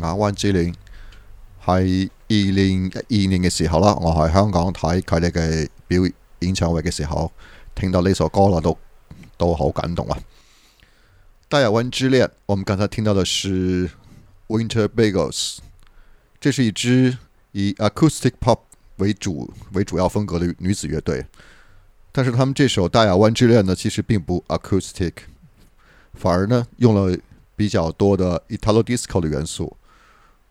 《大亞灣之戀》喺二零一二年嘅時候啦，我喺香港睇佢哋嘅表演唱會嘅時候，聽到呢首歌啦，都都好感動啊！《大亞灣之戀》，我們剛才聽到的是 Winter Bagels，這是一支以 Acoustic Pop 為主為主要風格的女子樂隊，但是他們這首《大亞灣之戀》呢，其實並不 Acoustic，反而呢用了比較多的 Italo Disco 的元素。